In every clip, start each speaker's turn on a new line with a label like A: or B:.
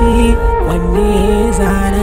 A: wanne zana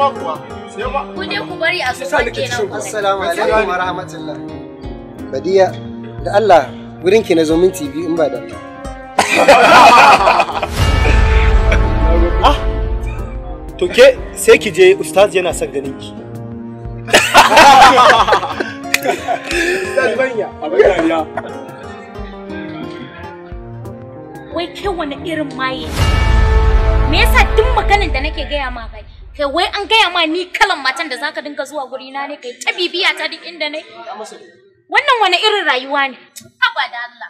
A: ma kuwa. Ku je
B: ku bari a kuma kenan. Assalamu alaikum wa rahmatullah. Badiya da Allah wurin ki na zomin minti in ba da.
C: Ah, to ke sai ki je ustaz yana son ganin ki.
D: Ustaz banya. Abin
C: dariya.
E: Wai ke wani irin maye? Me yasa duk maganin da nake gaya ma kai? kai wai an gaya ma ni kalan matan da zaka dinga zuwa guri na ne kai ta bibiya ta duk inda ne wannan wani irin rayuwa ne abada Allah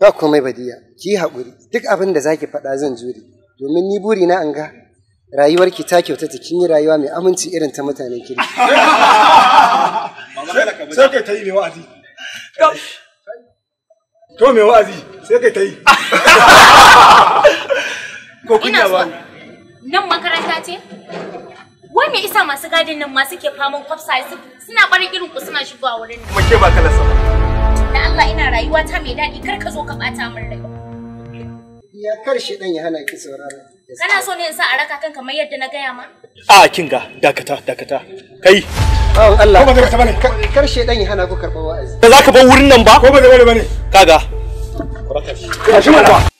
B: ba komai badiya ki haƙuri duk abin da zaki faɗa zan jure domin ni buri na an ga rayuwarki ta kyautata kin yi rayuwa mai aminci irin ta mutanen kiri. sai kai ta yi mai wa'azi
C: to mai wa'azi sai kai ta yi ko kunya ba
E: Nan makaranta ce? Wai me isa masu gadin nan masu ke faman kwafsa suna barin irin ku suna shigowa wurin nan. Kuma ke ba kala sama. Da Allah ina rayuwa ta mai daɗi kar ka zo ka bata min rai.
B: Ya kar shi ɗan ya hana ki saurara. Kana
E: so ne in sa a raka kan kamar yadda na gaya ma?
B: A
C: kinga dakata dakata kai.
B: Oh Allah. Ko ba bane. ɗan ya hana ku karɓar wa'azi.
C: Ba za ka bar wurin nan ba? Ko ba bane Kaga. Ka shi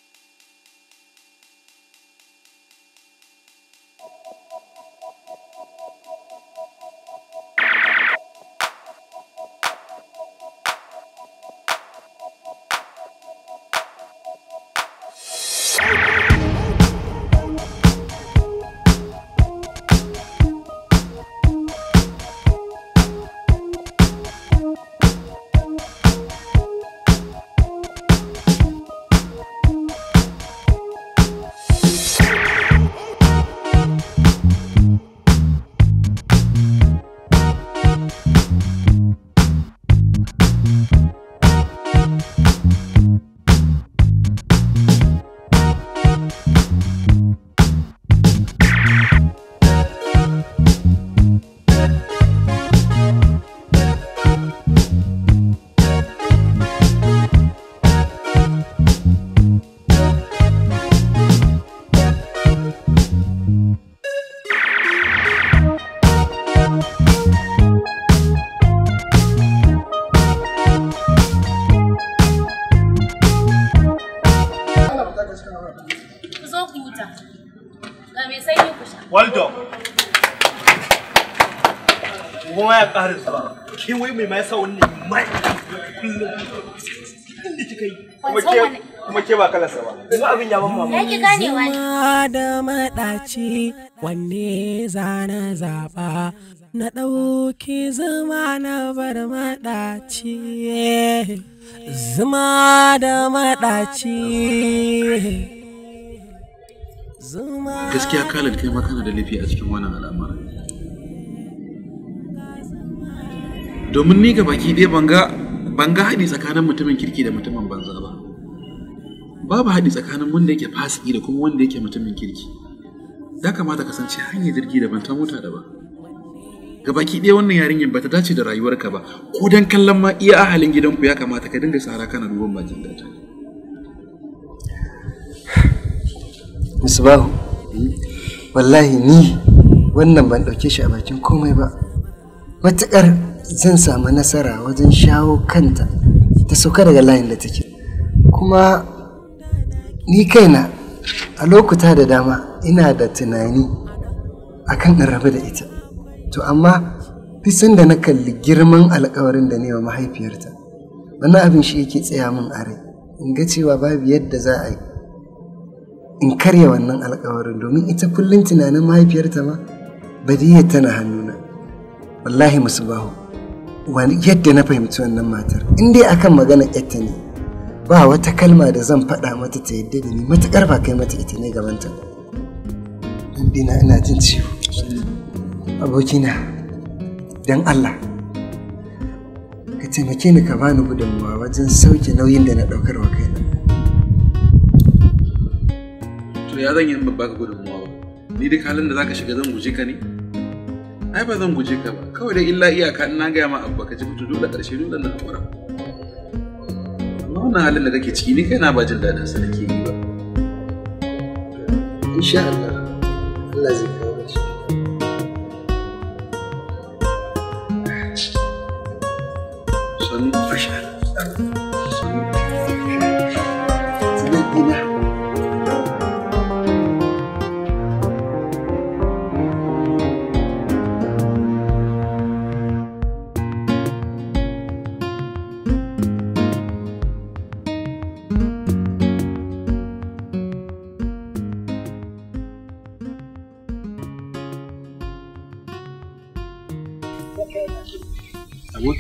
C: kuma ya ke wai mai ma yasa mai kullum inda
E: kika yi
C: kuma ke ba kalarsa ba kuma
A: abin ya da madaci wanne zana zaɓa na ɗauki zuma na bar maɗaci zuma da maɗaci gaskiya
D: kalar kai ma kana da laifi a cikin wannan al'amarin
A: domin ni ga baki
D: ɗaya ban ga haɗi tsakanin mutumin kirki da mutumin banza ba babu haɗi tsakanin wanda yake fasiki da kuma wanda yake mutumin kirki ya kamata kasance hanyar jirgi daban ta mota da ba. ga baki ɗaya wannan yarinyar ba ta dace da rayuwarka ba ko dan kallon ma iya ahalin gidanku ya kamata ka dinga tsara kana duban bakin gata
B: Misbahu, wallahi ni wannan ban ɗauke shi a bakin komai ba matuƙar zan samu nasara wajen shawo kanta ta sauka daga layin da take kuma ni kaina a lokuta da dama ina da tunani akan in rabu da ita to amma fisan da na kalli girman alkawarin da ne wa mahaifiyarta wannan abin shi yake tsaya min a rai in ga cewa babu yadda za a yi in karya wannan alkawarin domin ita kullum tunanin mahaifiyarta ma badiyar tana hannuna wallahi musu bahu wani yadda na fahimci wannan matar in dai akan magana ita ne ba wata kalma da zan faɗa mata ta yadda da ni matuƙar ba kai mata ita ne ta. dina ina jin ciwo abokina don allah ka taimake ni ka bani gudunmawa wajen sauke nauyin da na ɗaukar wa kaina
D: to ya zan yi ba gudunmawa ni duk halin da zaka shiga zan guje ka ne ai ba zan guje ka ba kawai dai illa iyaka in na gaya ma abu ka ji mutu dole ƙarshe dole na haƙura wannan halin da kake ciki ni kai na ba jin daɗin sa nake yi ba
B: insha Allah Allah zai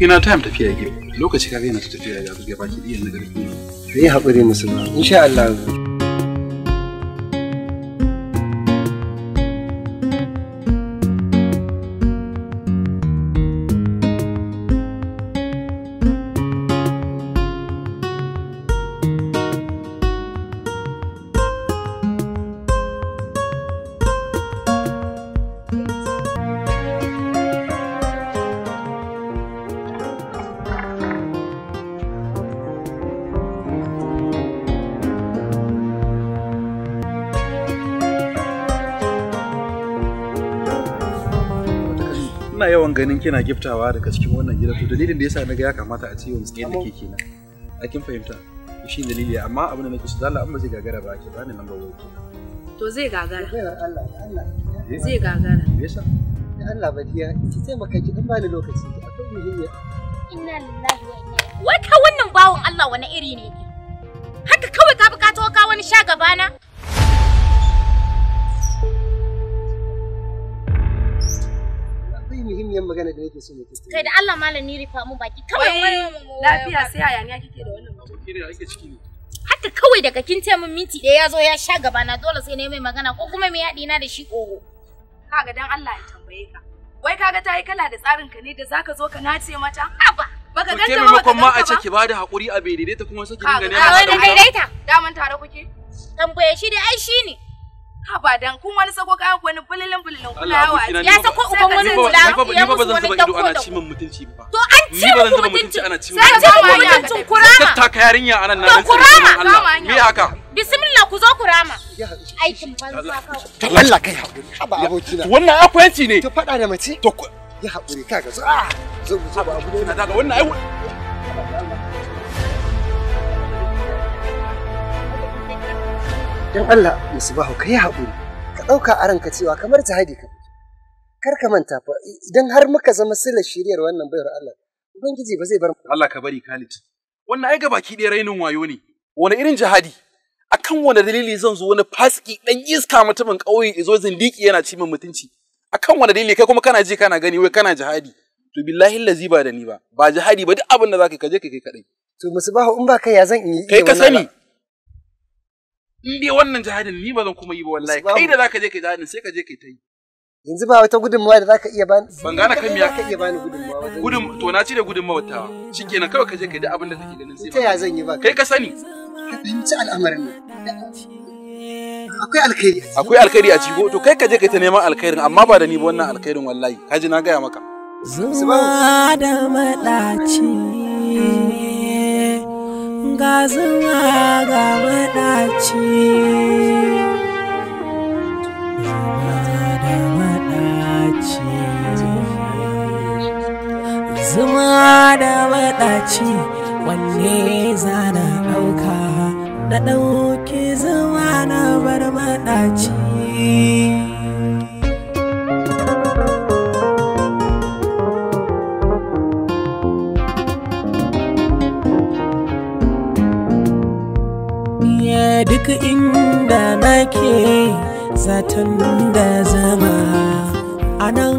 D: na time tafiya yake lokaci kafin yana tafiya ya zuge baki iya nagari garki
B: ne kai haƙuri musulma insha
D: Allah ina yawan ganin kina giftawa daga cikin wannan gida to dalilin da yasa na ga ya kamata a ce yau tsayin da ke kenan a kin fahimta shi dalili amma abin da nake so dalla amma zai gagara ba ke
B: bani lambar waya to zai gagara Allah Allah zai gagara me yasa da Allah badiya ki taimaka ki dan bani lokaci akwai muhimmiya
E: inna lillahi wa inna ilaihi wai ka wannan bawon Allah wani iri ne haka kawai ka bi ka wani sha gabana
B: muhimmiyar magana da nake so mu tattauna. Kai da
E: Allah malami rifa mu baki kawai wani lafiya sai yaya ne kike da wannan
B: mutum. Kire da kike ciki ne.
E: Hatta kawai daga kin ce min minti ɗaya ya zo ya sha gaba na dole sai ne mai magana ko kuma mai yaɗi na da shi ƙogo. Kaga dan Allah ya tambaye ka. Wai kaga ta yi kala da tsarin ka ne da zaka zo ka nace mata? Aba. Baka ganta ba baka ma a
D: ce ki bada hakuri a bai daidaita kuma sai ki dinga neman. A wani daidaita.
E: Daman tare kuke? Tambaye shi dai ai shi ne. haba kun wani sako kayan wani bulilin bulilin kuna yawa ya sako uban wani hula ya musu wani dako da ku mutunci ba to an ci muku mutunci an ci muku mutuncin
D: kurama ta anan na kurama me haka
E: bismillah ku zo kurama aikin banza
B: ka Allah kai hakuri haba abokina wannan ne to fada da mace to ya kaga zo a zo zo abu ne daga wannan
A: ai
B: don Allah musubahu ka yi haƙuri ka ɗauka a ranka cewa kamar ta jihadi ka kar ka manta fa idan har muka zama sula shiriyar wannan bayar Allah ubangiji ba zai bar
D: Allah ka bari Khalid wannan ai gabaki ɗaya rainin wayo ne wani irin jihadi akan wani dalili zan zo wani fasiki dan iska mutumin ƙauye izo zindiki yana ci min mutunci akan wani dalili kai kuma kana ji kana gani wai kana jihadi to billahi lazi ba da ni ba ba jihadi ba duk abin da zaka kaje kai kai kadai
B: to musubahu in ba kai ya zan yi kai ka sani
D: in dai wannan jihadin ni ba zan kuma yi ba wallahi kai da zaka je kai jihadin sai ka je kai ta yi
B: yanzu ba wata gudunmawa da zaka iya bani ban gane kan miya ka
D: iya bani gudunmawa gudun to na ci da gudunmawa ta shikenan kawai ka je kai da abin da kake
B: ganin sai ta ya zan yi ba kai ka sani ka fahimci al'amarin nan
D: akwai alkhairi akwai alkhairi a cigo to kai ka je kai ta neman alkhairin amma ba da ni ba wannan alkhairin wallahi kaji na gaya maka
A: zuwa da madaci ga zuma ga maɗaci zuma da maɗaci zuma da maɗaci wanne na ɗauka na ɗauki zuma na bar maɗaci duk inda nake zaton da zama a nan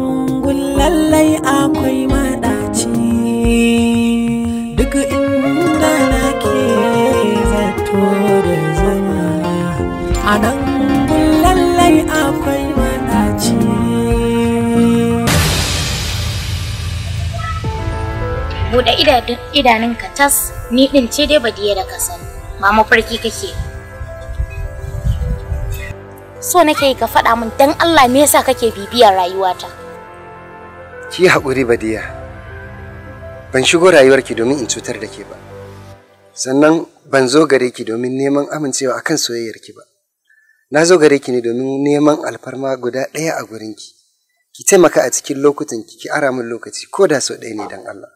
A: lallai akwai maɗaci duk inda nake zato da zama a nan lallai akwai maɗaci buɗe idanunka
E: tas ni ɗin ce dai badiya da ka ma mafarki kake so nake ka faɗa min dan Allah me yasa kake bibiyar rayuwata
B: ki haƙuri badiya ban shigo rayuwarki domin in cutar da ke ba sannan ban zo gare ki domin neman amincewa akan soyayyarki ba na zo gare ki ne domin neman alfarma guda ɗaya a gurinki ki ki taimaka a cikin lokutan ki ki ara min lokaci ko da sau ɗaya ne dan Allah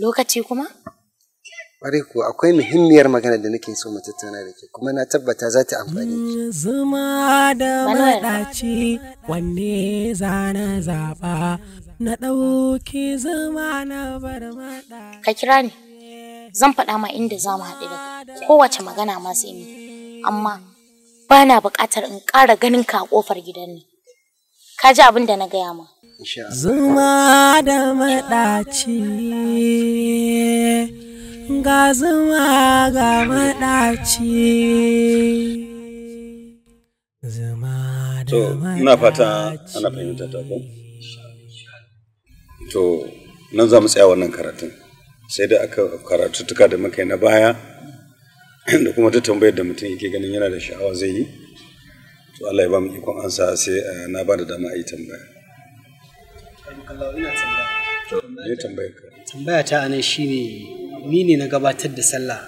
E: lokaci kuma
B: kwarai kuwa akwai muhimmiyar magana da nake so mu da ke kuma na tabbata za ta
A: amfani. Zuma da maɗaci wanne za na zaɓa na ɗauki zuma na bar Ka kira ni.
E: Zan faɗa ma inda za mu haɗu da kowace magana ma sai ni. Amma ba na buƙatar in ƙara ganin ka a ƙofar gidan ni. Ka ji abin da na gaya ma.
A: Zuma da maɗaci. ga zuma ga maɗaci
C: zama da ina fata ana fahimta ta ko to nan za mu tsaya wannan karatun sai da aka karatuttuka da muka yi na baya da kuma ta tambayar da mutum yake ganin yana da sha'awa zai yi to Allah ya ba mu ikon ansa sai eh, na ba da dama a yi tambaya
B: tambaya ta anan ne. ni ne na gabatar da sallah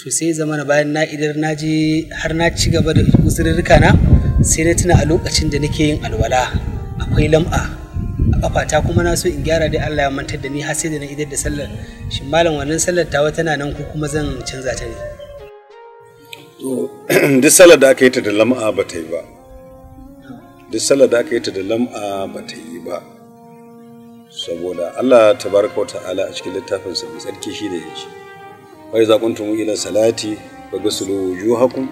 B: to sai zama na bayan na idar na je har na ci gaba da uzurrika na sai na tuna a lokacin da nake yin alwala akwai lam'a a kafata kuma na so in gyara dai Allah ya mantar da ni har sai da na idar da sallar shin malam wannan sallar tawa tana nan ko kuma zan canza ta ne
C: duk sallar da aka yi ta da lam'a ba ta yi ba duk sallar da aka yi ta da lam'a ba ta yi ba saboda Allah ta baraka wa ta'ala a cikin littafin sa tsarki shi da yake wa iza kuntum ila salati wa gusulu wujuhakum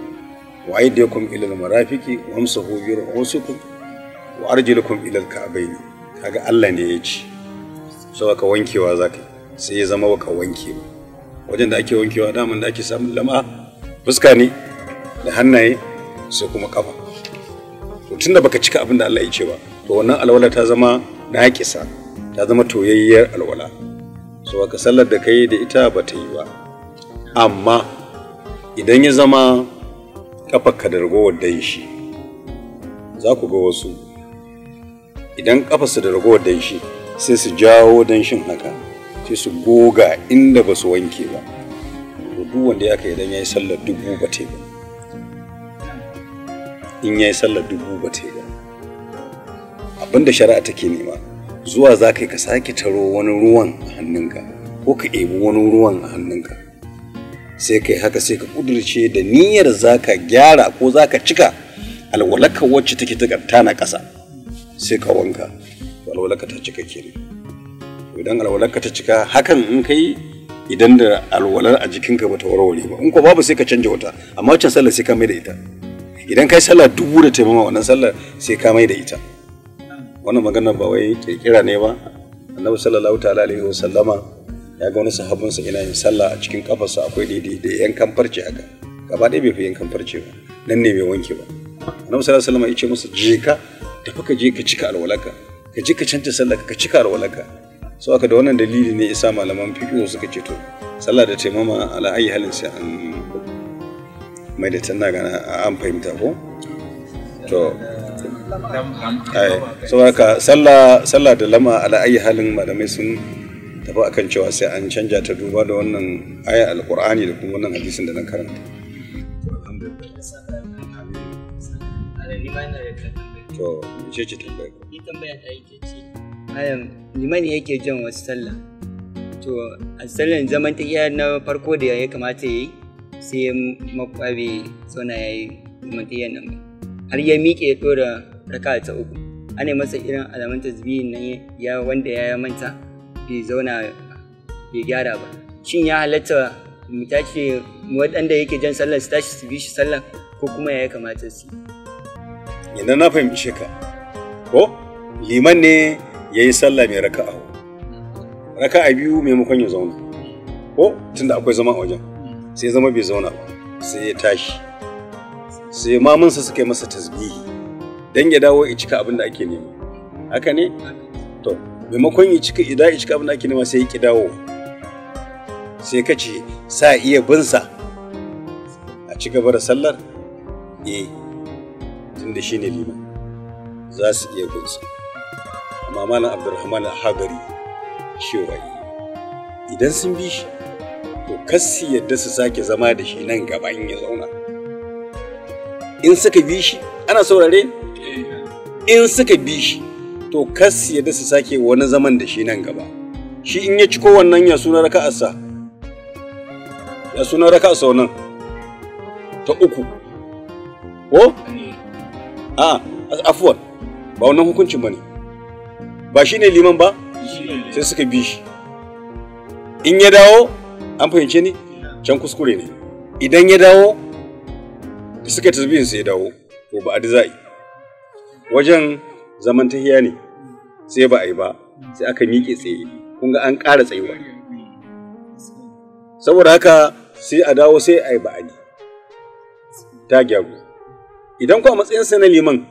C: wa aydiyakum ila al-marafiqi wa amsahu bi ru'usikum wa arjulukum ila al-ka'bayn kaga Allah ne yake so ka wankewa zaka sai ya zama ka wanke ba wajen da ake wankewa daman da ake samun lama fuska ne da hannaye sai kuma kafa to tunda baka cika abin da Allah ya ce ba to wannan alwala ta zama na kisa. ta zama toyayyar alwala so ka sallar da kai da ita ba ta yi ba amma idan ya zama kafa ka da ragowar danshi za ku ga wasu idan kafa su da ragowar danshi sai su jawo dan shin haka sai su goga inda ba su wanke ba duk wanda ya kai idan ya yi sallar dubu ba ta yi ba in ya yi sallar dubu ba ta yi ba abinda shari'a take nema zuwa za ka yi sake taro wani ruwan a hannunka ko ka ebi wani ruwan a hannunka sai ka haka sai ka kudurce da niyyar za ka gyara ko za ka cika alwalaka wacce take ta na ƙasa sai ka wanka alwalaka ta cika kenan idan alwalaka ta cika hakan in ka idan da alwalar a jikinka bata warware ba in ko babu sai ka canja wata amma can sallar sai ka mai da ita idan kai sallah dubu da taimama wannan sallar sai ka mai da ita wannan magana ba wai kirkira ne ba annabi sallallahu ta'ala alaihi wa sallama ya ga wani sahabin sa ina yin sallah a cikin kafarsa akwai daidai da yankan farce haka gaba ɗaya bai fi yankan farce ba nan ne bai wanke ba annabi sallallahu alaihi sallama ya ce masa je ka tafi ka je ka cika alwalaka ka je ka canta sallah ka cika alwalaka Sau aka da wannan dalili ne isa malaman fiƙo suka ce to sallah da taimama ala ayi halin sai an mai da tanna gana an fahimta ko to saboda sallah sallah da lama ala ayi halin malamai sun tafi akan cewa sai an canja ta duba da wannan aya alkur'ani da kuma wannan hadisin da na karanta to ce ce tambaya ko yake ce
B: ayan yake jin wasu sallah to a sallan zaman ta iya na farko da ya kamata yi sai makwabe tsona ya yi zaman ta iya har ya miƙe ya tora raka ta uku ne masa irin alamun tasbihin nan ya wanda ya manta bai zauna bai gyara ba shin ya halatta mu tashi waɗanda yake jan sallar su tashi su bi shi sallar ko kuma ya kamata
C: su idan na fahimci ka ko liman ne ya yi sallah mai raka'a raka'a biyu maimakon ya zauna ko tunda akwai zama a wajen sai zama bai zauna ba sai ya tashi sai mamansa suka yi masa tasbihi don ya dawo ya cika abin da ake nema haka ne to maimakon ya cika idan ya cika abin da ake nema sai ya ki dawo sai ka ce sa iya bin sa a ci gaba da sallar eh tunda shine liman za su iya bin sa amma malam abdurrahman al-hagari cewa idan sun bi shi to kassi yadda su sake zama da shi nan gaba in ya zauna in suka bi shi ana saurare in suka bi shi to kas yadda da su sake wani zaman da shi nan gaba shi in ya ciko wannan ya suna raka'arsa ya suna raka'arsa wannan ta uku ko a afuwa ba wannan hukuncin bane ba shine liman ba sai suka bi shi in ya dawo an fahimce ni can kuskure ne idan ya dawo suka tasbihin sai ya dawo ko ba a da za'i wajen zaman ne sai ba a yi ba sai aka miƙe tsaye kun ga an ƙara tsayuwa saboda haka sai a dawo sai a yi yi ta gyaru idan kuwa matsayinsa na liman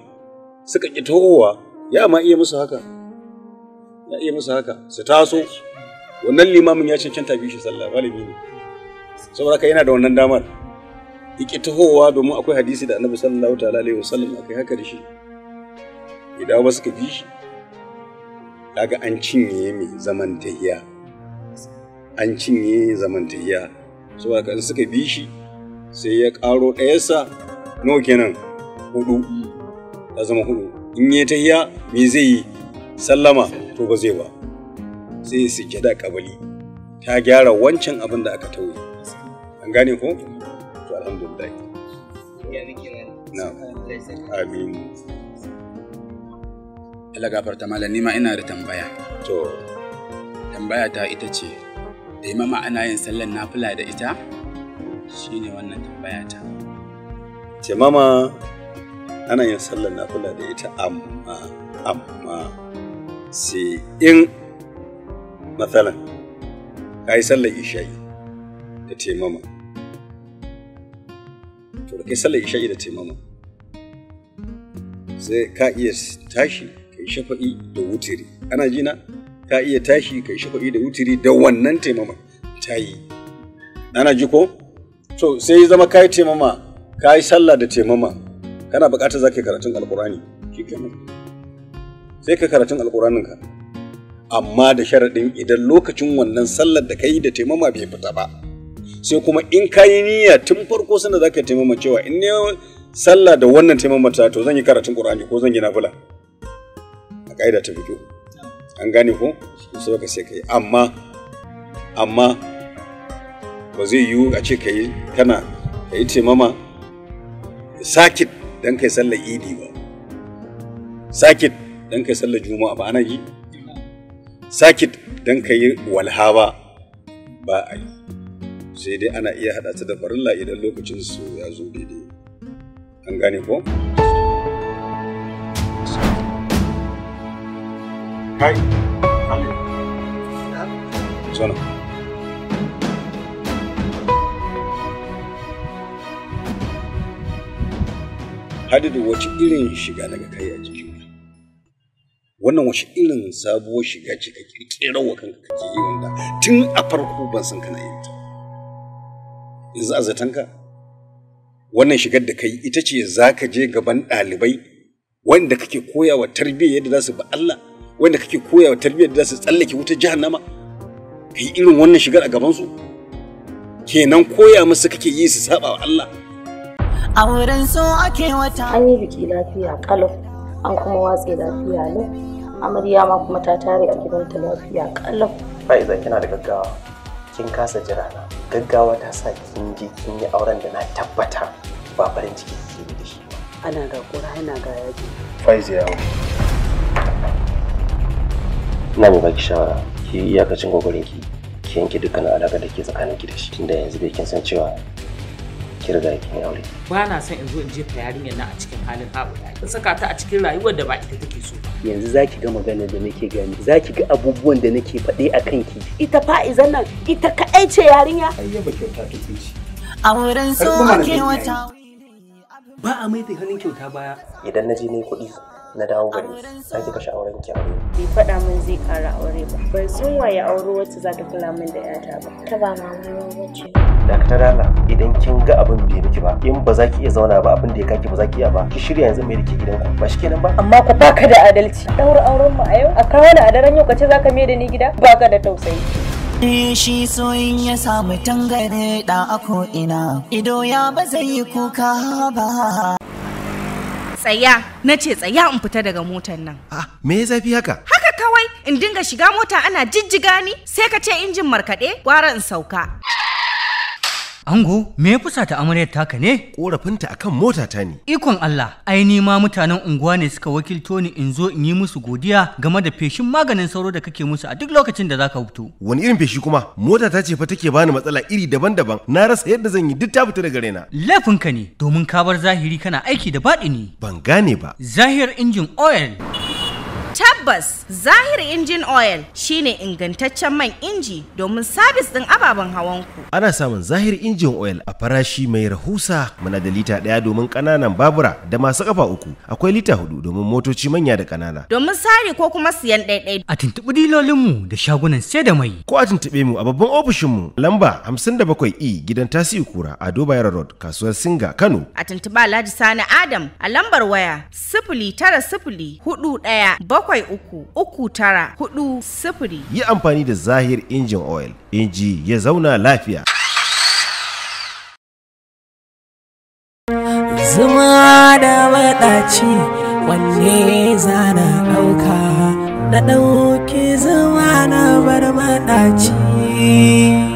C: suka ƙi tohowa ya ma iya musu haka ya iya musu haka su taso wannan limamin ya cancanta biyu shi sallah galibi ne saboda haka yana da wannan damar ƙi tohowa domin akwai hadisi da annabi sallallahu ta'ala alaihi wasallam akai haka da shi bai dawo ba suka bi shi kaga an cinye mai zaman tahiya an cinye zaman tahiya so haka in suka bi shi sai ya ƙaro ɗayarsa nawa kenan hudu ta zama hudu in ya tahiya me zai yi sallama to ba zai ba sai su jada kabali ta gyara wancan abin da aka tauye an gane ko to alhamdulillah amin Allah gafarta malam ni ma ina da tambaya. To tambaya ta ita ce da imama ana yin sallar nafila da ita shine wannan tambaya ta. Ce mama ana yin sallar nafila da ita amma amma sai in matsalan ka yi sallan isha'i da taimama to da kai sallan isha'i da taimama sai ka iya tashi shafa'i da wutiri ana jina ka iya tashi kai shafa'i da wutiri da wannan taimama ta yi ana ji ko to sai zama ka yi taimama ka yi sallah da taimama kana buƙatar za ka yi karatun alƙur'ani sai ka karatun alƙur'anin ka amma da sharaɗin idan lokacin wannan sallar da ka yi da taimama bai fita ba sai kuma in ka yi niyya tun farko sanda za ka taimama cewa in ne sallah da wannan ta to zan yi karatun ƙur'ani ko zan yi nafila ƙa'ida ta fito an gane ko su baka sai kai amma amma ba zai yiwu a ce kai kana ka ce taimama sakit don kai sallar idi ba sakit don kai sallar juma'a ba ana yi sakit don kai walha ba ba a yi sai dai ana iya haɗa ta da farilla idan lokacin su ya zo daidai an gane ko? Kai, da Zona. Hadidu wace irin shiga daga kai a jikin wannan wace irin sabuwar shiga ce ka ƙirƙira wa kanka kake yi wanda tun a farko ban san kana yin ta yanzu a zatanka wannan shigar da kai ita ce za ka je gaban ɗalibai wanda kake koyawa tarbiyya yadda za su bi Allah wanda kake koya tarbiyyar da su tsallake wuta jahannama ka irin wannan shigar a gabansu kenan koya musu kake yi su saba wa Allah
A: a wurin so ake wata
E: an yi biki lafiya kalau an kuma watse lafiya ne amarya ma kuma ta tare a gidanta lafiya kalau
A: fa'iza kina da gaggawa kin kasa jira na gaggawa ta sa kin je kin yi auren da na tabbata ba farin ciki ke da shi ana ga kura ana ga yaji faiza
C: ina mai baki shawara ki yi iyakacin gwagwarin ki ki yanke dukkanin alaƙa da ke tsakanin ki da shi tunda yanzu bai kin san cewa ki riga kin aure
E: ba na son in zo in jefa yarinyar nan a cikin halin da ki saka ta a cikin rayuwar da ba ita take so
B: ba yanzu zaki ga magana da nake gani
D: zaki ga abubuwan da nake faɗe a kanki
E: ita fa'izan nan ita kaɗai ce yarinya ba
B: kyauta take ci
E: a wurin so ake wata
B: ba a mai da hannun kyauta baya idan na je ne kuɗi na dawo gari sai kika auren ki aure
E: bai faɗa min zai ƙara aure ba ban san waye aure wacce za ta kula min da yata ba ta ba mamawa wacce
C: da ta dala idan kin ga abin bai miki ba in ba za ki iya zauna ba abin da ya kaki ba za ki iya ba ki shirya yanzu mai da ke gidanku ba shi kenan ba amma
E: ku baka da adalci ɗaura auren mu a yau a kawo ni a daren yau kace ka mai da ni gida Ba ka da
A: tausayi shi soyin ya samu tangare da ako ina ido ya ba zai yi kuka ba
E: tsaya na ce tsaya in fita daga motan nan ah
D: me ya zafi haka haka
E: kawai in dinga shiga mota ana jijjiga ni sai ka ce injin markaɗe gwara in sauka
B: Ango, me ya fusa ta amaryar taka ne? Ƙorafinta kan mota ta ne. Ikon Allah, ai ni ma mutanen unguwa ne suka wakilto ni in zo in yi musu godiya game da feshin maganin
C: sauro da kake musu a duk lokacin da zaka fito. Wani irin feshi kuma? Mota ta ce fa take bani matsala iri daban-daban. Na rasa yadda zan yi duk ta fita daga
B: raina. ka ne, domin ka bar zahiri kana aiki da baɗi
C: ne. Ban gane ba. Zahir injin oil.
E: Tabbas zahiri Injin Oil shine ingantaccen man inji domin sabis ɗin ababen hawanku.
C: Ana samun zahiri Injin Oil a farashi mai rahusa muna da lita ɗaya domin ƙananan babura da masu ƙafa uku akwai lita hudu domin motoci manya da ƙanana.
E: Domin sari ko kuma siyan ɗaiɗai. A
C: tuntuɓi dilolinmu da shagunan sai da mai. Ko a tuntuɓe mu a babban ofishinmu lamba hamsin 57 E gidan Tasi'u Kura a Dubai Road kasuwar Singa Kano.
E: A tuntuɓa Alhaji Sani Adam a lambar waya sifili tara sifili hudu ɗaya bakwai uku uku tara hudu sifiri.
C: Yi amfani da Zahir injin oil, inji ya zauna lafiya.
A: Zuma da maɗaci wanne zana ɗauka na ɗauki zuma na bar madaci.